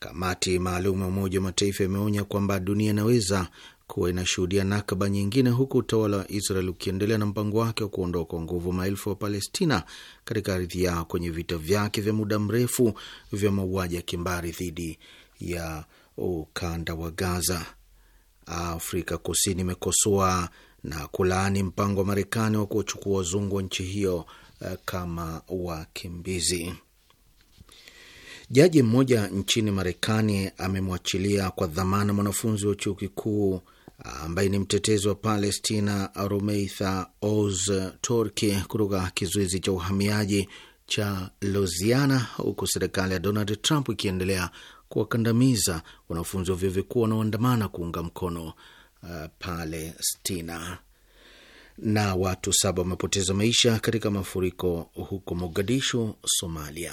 Kamati maalum ya Umoja wa Mataifa imeonya kwamba dunia inaweza kuwa inashuhudia nakaba nyingine, huku utawala wa Israel ukiendelea na mpango wake wa kuondoa kwa nguvu maelfu wa Palestina katika ardhi yao kwenye vita vyake vya muda mrefu vya mauaji ya kimbari dhidi ya ukanda wa Gaza. Afrika Kusini imekosoa na kulaani mpango wa Marekani wa kuwachukua wazungu wa nchi hiyo eh, kama wakimbizi. Jaji mmoja nchini Marekani amemwachilia kwa dhamana mwanafunzi wa chuo kikuu eh, ambaye ni mtetezi wa Palestina Rumeitha Oz Torki kutoka kizuizi cha uhamiaji cha Louisiana, huku serikali ya Donald Trump ikiendelea kuwakandamiza wanafunzi wa vyuo vikuu wanaoandamana kuunga mkono uh, Palestina. Na watu saba wamepoteza maisha katika mafuriko huko Mogadishu, Somalia.